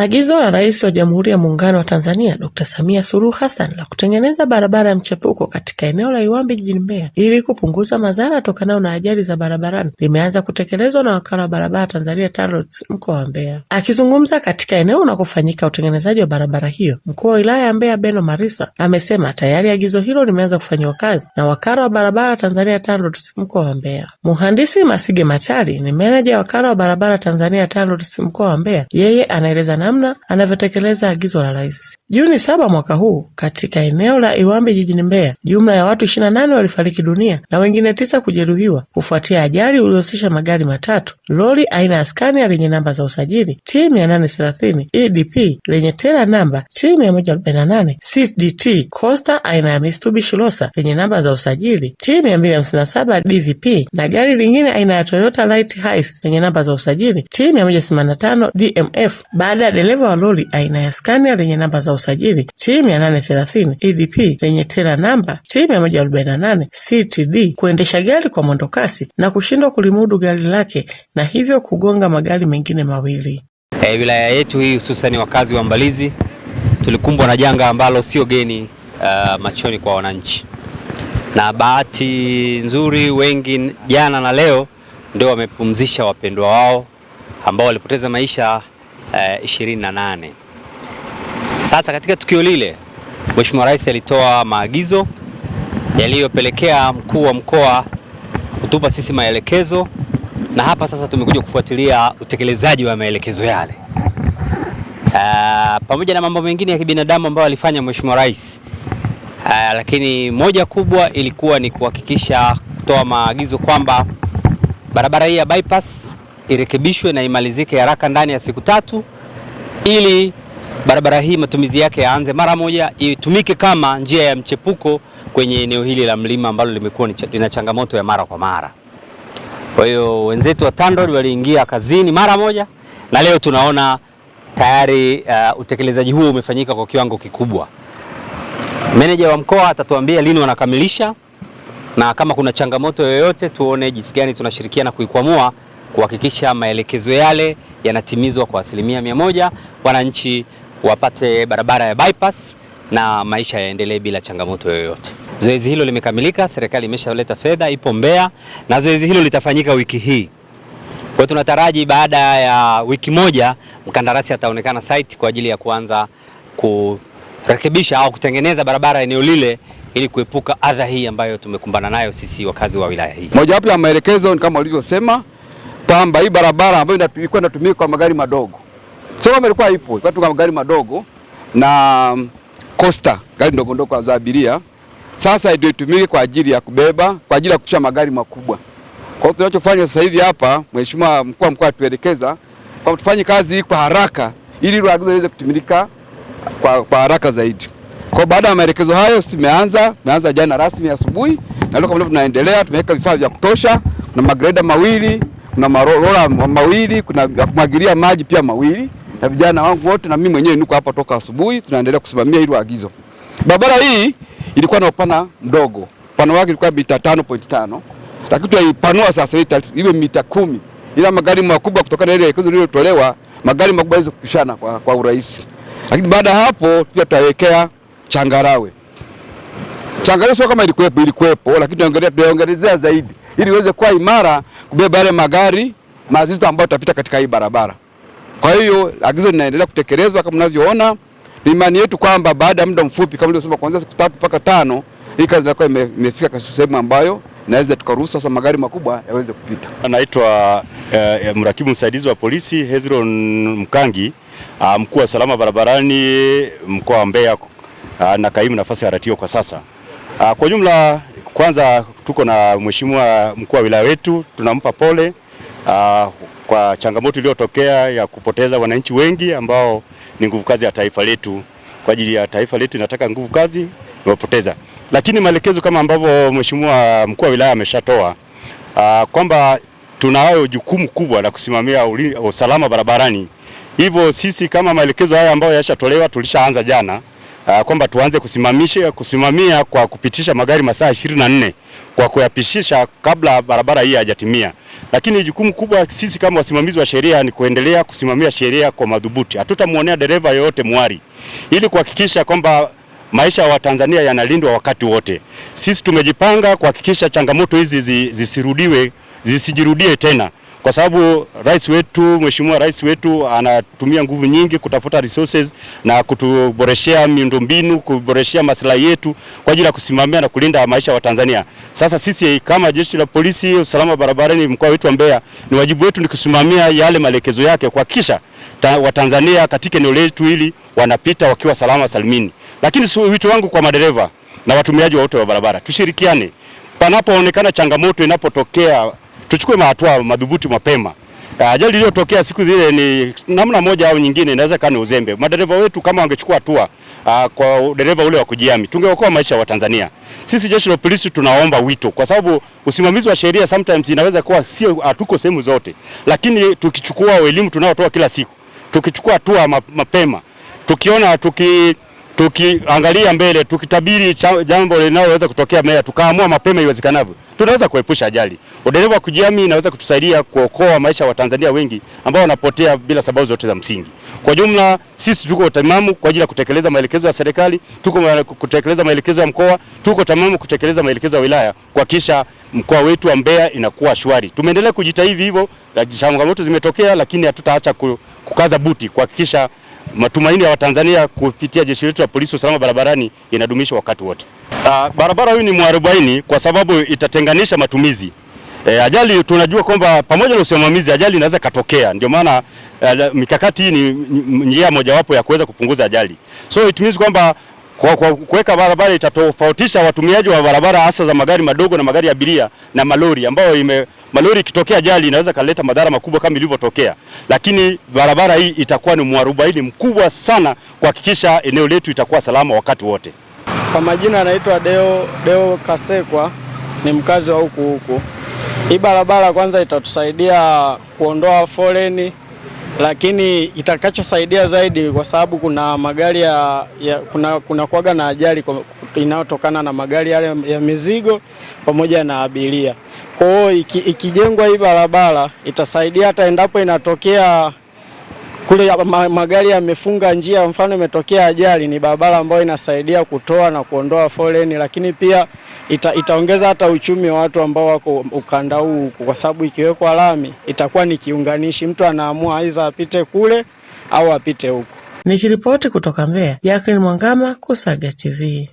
Agizo la Rais wa Jamhuri ya Muungano wa Tanzania Dr. Samia Suluhu Hassan la kutengeneza barabara ya mchepuko katika eneo la Iwambi jijini Mbeya ili kupunguza madhara yatokanayo na ajali za barabarani limeanza kutekelezwa na wakala wa barabara Tanzania TANROADS mkoa wa Mbeya. Akizungumza katika eneo unakofanyika utengenezaji wa barabara hiyo, mkuu wa wilaya ya Mbeya Beno Marisa amesema tayari agizo hilo limeanza kufanyiwa kazi na wakala wa barabara Tanzania TANROADS mkoa wa Mbeya. Mhandisi Masige Machari ni meneja ya wakala wa barabara Tanzania TANROADS mkoa wa Mbeya, yeye anaeleza na namna anavyotekeleza agizo la rais. Juni saba mwaka huu katika eneo la Iwambi jijini Mbeya, jumla ya watu 28 walifariki dunia na wengine tisa kujeruhiwa kufuatia ajali uliohusisha magari matatu, lori aina ya Scania lenye namba za usajili T 830 EDP lenye tela namba T 148 CDT, Costa aina ya Mitsubishi Rosa lenye namba za usajili T 257 DVP na gari lingine aina ya Toyota Light Hiace lenye namba za usajili T 185 DMF baada ya Dereva wa lori aina ya Scania lenye namba za usajili T mia nane thelathini EDP lenye tela namba T mia moja arobaini na nane CTD kuendesha gari kwa mwendokasi na kushindwa kulimudu gari lake na hivyo kugonga magari mengine mawili. E, wilaya yetu hii hususani wakazi wa Mbalizi tulikumbwa na janga ambalo sio geni uh, machoni kwa wananchi, na bahati nzuri wengi jana na leo ndio wamepumzisha wapendwa wao ambao walipoteza maisha 28. Eh, sasa katika tukio lile Mheshimiwa Rais alitoa maagizo yaliyopelekea mkuu wa mkoa kutupa sisi maelekezo na hapa sasa tumekuja kufuatilia utekelezaji wa maelekezo yale. Uh, pamoja na mambo mengine ya kibinadamu ambayo alifanya Mheshimiwa Rais. Uh, lakini moja kubwa ilikuwa ni kuhakikisha kutoa maagizo kwamba barabara hii ya bypass irekebishwe na imalizike haraka ndani ya siku tatu, ili barabara hii matumizi yake yaanze mara moja, itumike kama njia ya mchepuko kwenye eneo hili la mlima ambalo limekuwa lina changamoto ya mara kwa mara. Kwa hiyo wenzetu wa TANROADS waliingia kazini mara moja na leo tunaona tayari uh, utekelezaji huo umefanyika kwa kiwango kikubwa. Meneja wa mkoa atatuambia lini wanakamilisha na kama kuna changamoto yoyote tuone jinsi gani tunashirikiana kuikwamua kuhakikisha maelekezo yale yanatimizwa kwa asilimia mia moja, wananchi wapate barabara ya bypass na maisha yaendelee bila changamoto yoyote. Zoezi hilo limekamilika, serikali imeshaleta fedha, ipo Mbeya na zoezi hilo litafanyika wiki hii. Kwa tunataraji baada ya wiki moja mkandarasi ataonekana site kwa ajili ya kuanza kurekebisha au kutengeneza barabara eneo lile ili kuepuka adha hii ambayo tumekumbana nayo sisi wakazi wa wilaya hii. Mojawapo ya maelekezo ni kama walivyosema kwamba hii barabara ambayo ilikuwa inatumika kwa magari madogo Soma ilikuwa ipo, kwa tu magari madogo na um, Costa, gari ndogo ndogo za abiria. Sasa ndio itumike kwa ajili ya kubeba, kwa ajili ya kushusha magari makubwa. Kwa hiyo tunachofanya sasa hivi hapa, Mheshimiwa mkuu wa mkoa atuelekeza kwa tufanye kazi kwa haraka ili ile agizo iweze kutimilika kwa, kwa haraka zaidi. Kwa baada ya maelekezo hayo, sisi tumeanza tumeanza jana rasmi asubuhi na leo kama tunaendelea, tumeweka vifaa vya kutosha na magreda mawili kuna marola mawili, kuna kumwagilia maji pia mawili, na vijana wangu wote na mimi mwenyewe niko hapa toka asubuhi, tunaendelea kusimamia hilo agizo. Barabara hii ilikuwa na upana mdogo, upana wake ilikuwa mita 5.5 lakini tuipanua sasa iwe mita kumi, ila magari makubwa kutokana na ile elekezo lililotolewa magari makubwa yaweze kupishana kwa, kwa urahisi. Lakini baada ya hapo pia tutawekea changarawe. Changarawe sio kama ilikuwepo, ilikuwepo lakini tunaongelea tunaongelezea zaidi ili iweze kuwa imara kubeba yale magari mazito ambayo tutapita katika hii barabara. Kwa hiyo agizo linaendelea kutekelezwa kama mnavyoona. Ni imani yetu kwamba baada ya muda mfupi kama nilivyosema, kuanzia siku tatu mpaka tano, hii kazi inakuwa imefika sehemu ambayo naweza tukaruhusu sasa magari makubwa yaweze kupita. Anaitwa uh, eh, eh, mrakibu msaidizi wa polisi Hezron Mkangi, uh, mkuu wa salama barabarani mkoa wa Mbeya, uh, na kaimu nafasi ya ratio kwa sasa. Uh, kwa jumla kwanza tuko na mheshimiwa mkuu wa wilaya wetu, tunampa pole aa, ah, kwa changamoto iliyotokea ya kupoteza wananchi wengi ambao ni nguvu kazi ya taifa letu. Kwa ajili ya taifa letu inataka nguvu kazi imepoteza, lakini maelekezo kama ambavyo mheshimiwa mkuu wa wilaya ameshatoa ah, kwamba tunayo jukumu kubwa la kusimamia usalama barabarani. Hivyo sisi kama maelekezo haya ambayo yashatolewa tulishaanza jana Ah, kwamba tuanze kusimamisha kusimamia kwa kupitisha magari masaa ishirini na nne kwa kuyapishisha kabla barabara hii hajatimia. Lakini jukumu kubwa sisi kama wasimamizi wa sheria ni kuendelea kusimamia sheria kwa madhubuti. Hatutamwonea dereva yoyote mwari, ili kuhakikisha kwamba maisha ya Watanzania yanalindwa wakati wote. Sisi tumejipanga kuhakikisha changamoto hizi zisirudiwe zisijirudie tena kwa sababu rais wetu, mheshimiwa rais wetu anatumia nguvu nyingi kutafuta resources na kutuboreshea miundombinu, kuboreshea maslahi yetu kwa ajili ya kusimamia na kulinda maisha wa Tanzania. Sasa sisi kama jeshi la polisi, usalama barabarani, mkoa wetu wa Mbeya, ni wajibu wetu ni kusimamia yale maelekezo yake, kuhakikisha Watanzania katika eneo letu hili wanapita wakiwa salama salimini. Lakini wito wangu kwa madereva na watumiaji wote wa barabara, tushirikiane panapoonekana changamoto inapotokea tuchukue mahatua madhubuti mapema. Eh, ajali iliyotokea siku zile ni namna moja au nyingine, inaweza kani uzembe madereva wetu. Kama wangechukua hatua ah, kwa dereva ule wa kujiami, tungeokoa maisha wa Tanzania. Sisi jeshi la polisi tunaomba wito, kwa sababu usimamizi wa sheria sometimes inaweza kuwa sio, hatuko ah, sehemu zote, lakini tukichukua elimu tunayotoa kila siku, tukichukua hatua mapema, tukiona tuki tukiangalia mbele, tukitabiri jambo linaloweza kutokea mbele, tukaamua mapema iwezekanavyo, tunaweza kuepusha ajali. Udereva wa kujiamini inaweza kutusaidia kuokoa maisha ya Watanzania wengi ambao wanapotea bila sababu zote za msingi. Kwa jumla, sisi tuko tamamu kwa ajili ya kutekeleza maelekezo ya serikali, tuko kutekeleza maelekezo ya mkoa, tuko tamamu kutekeleza maelekezo ya wilaya, kuhakikisha mkoa wetu wa Mbeya inakuwa shwari. Tumeendelea kujitahidi hivyo, changamoto zimetokea, lakini hatutaacha kukaza buti kuhakikisha matumaini ya Watanzania kupitia jeshi letu la polisi usalama barabarani inadumishwa wakati wote. Uh, barabara hii ni mwarobaini kwa sababu itatenganisha matumizi E, ajali tunajua kwamba pamoja na usimamizi ajali inaweza katokea ndio maana uh, mikakati hii ni njia mojawapo ya kuweza kupunguza ajali. So it means kwamba kwa, kwa, kuweka barabara itatofautisha watumiaji wa barabara hasa za magari madogo na magari ya abiria na malori ambayo ime malori ikitokea ajali inaweza kaleta madhara makubwa kama ilivyotokea, lakini barabara hii itakuwa ni mwarubaini mkubwa sana kuhakikisha eneo letu itakuwa salama wakati wote. Kwa majina anaitwa Deo, Deo Kasekwa ni mkazi wa huku huku. Hii barabara kwanza itatusaidia kuondoa foleni lakini itakachosaidia zaidi, kwa sababu kuna magari ya, ya, kuna, kuna kuaga na ajali inayotokana na magari yale ya mizigo pamoja na abiria. Kwa hiyo ikijengwa hii barabara itasaidia hata endapo inatokea kule ya ma, magari yamefunga njia, mfano imetokea ajali, ni barabara ambayo inasaidia kutoa na kuondoa foleni, lakini pia ita, itaongeza hata uchumi wa watu ambao wako ukanda huu, kwa sababu ikiwekwa lami itakuwa ni kiunganishi, mtu anaamua aidha apite kule au apite huko. Nikiripoti kutoka Mbeya, Jacqueline Mwangama, Kusaga TV.